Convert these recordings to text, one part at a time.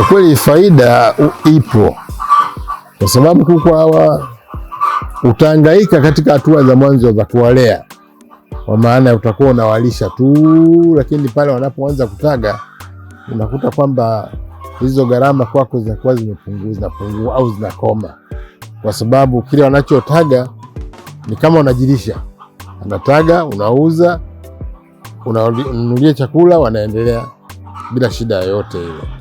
Kwa kweli faida ipo, kwa sababu kuku hawa utaangaika katika hatua za mwanzo za kuwalea, kwa maana utakuwa unawalisha tu, lakini pale wanapoanza kutaga unakuta kwamba hizo gharama kwako zinakuwa zimepungua, zinapungua au zinakoma, kwa sababu kile wanachotaga ni kama unajilisha, anataga, unauza, unanunulia chakula, wanaendelea bila shida yoyote ile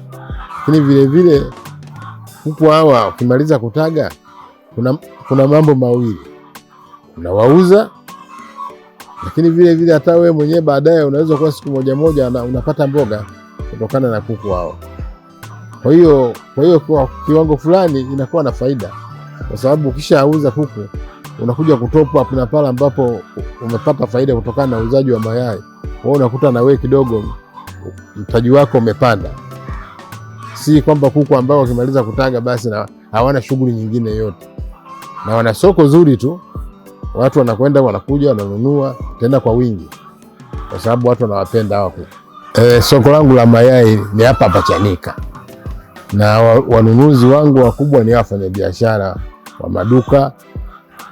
lakini vilevile huku hawa ukimaliza kutaga kuna, kuna mambo mawili unawauza, lakini vilevile hata wewe mwenyewe baadaye unaweza kuwa siku moja moja unapata mboga kutokana na kuku hao. Kwa hiyo kwa hiyo kwa kiwango fulani inakuwa na faida, kwa sababu ukishauza kuku unakuja kutopa kuna pale ambapo umepata faida kutokana na uuzaji wa mayai, wewe unakuta na wewe kidogo mtaji wako umepanda si kwamba kuku ambao wakimaliza kutaga basi na hawana shughuli nyingine yote, na wana soko zuri tu, watu wanakwenda wanakuja wananunua tena kwa wingi, kwa sababu watu wanawapenda hawa kuku. E, soko langu la mayai ni hapa hapa Chanika na wanunuzi wangu wakubwa ni wafanyabiashara wa maduka,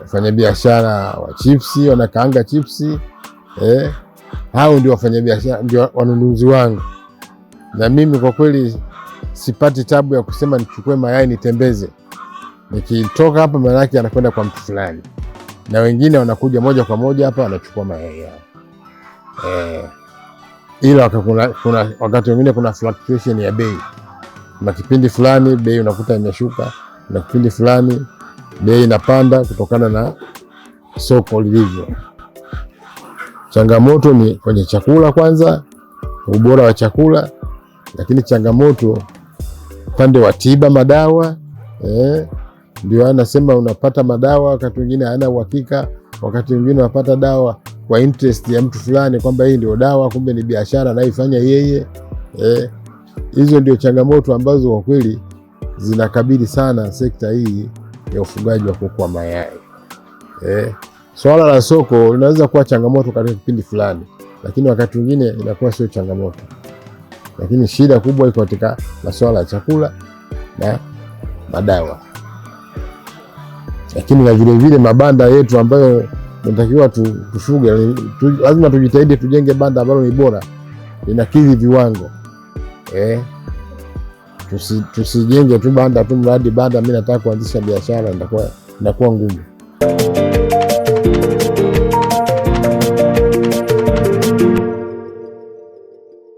wafanyabiashara wa chipsi, wanakaanga chipsi eh, hao ndio wafanyabiashara, ndio wanunuzi wangu. Na mimi kwa kweli sipati tabu ya kusema nichukue mayai nitembeze. Nikitoka hapa, maana yake anakwenda kwa mtu fulani, na wengine wanakuja moja kwa moja hapa wanachukua mayai yao eh, ila kuna, kuna, wakati wengine kuna fluctuation ya bei na kipindi fulani bei unakuta imeshuka na kipindi fulani bei inapanda kutokana na soko lilivyo. Changamoto ni kwenye chakula kwanza, ubora wa chakula, lakini changamoto upande wa tiba madawa eh, ndio anasema unapata madawa wakati mwingine hayana uhakika, wakati mwingine unapata dawa kwa interest ya mtu fulani kwamba hii ndio dawa, kumbe ni biashara anayoifanya yeye eh. Hizo ndio changamoto ambazo kwa kweli zinakabili sana sekta hii ya ufugaji wa kuku wa mayai eh. Swala la soko linaweza kuwa changamoto katika kipindi fulani, lakini wakati mwingine inakuwa sio changamoto lakini shida kubwa iko katika masuala ya chakula na madawa, lakini na vilevile mabanda yetu ambayo tunatakiwa tufuge tu, lazima tujitahidi tujenge banda ambalo ni bora linakidhi viwango eh. Tusijenge tusi tu banda tu mradi banda, mi nataka kuanzisha biashara, inakuwa ngumu.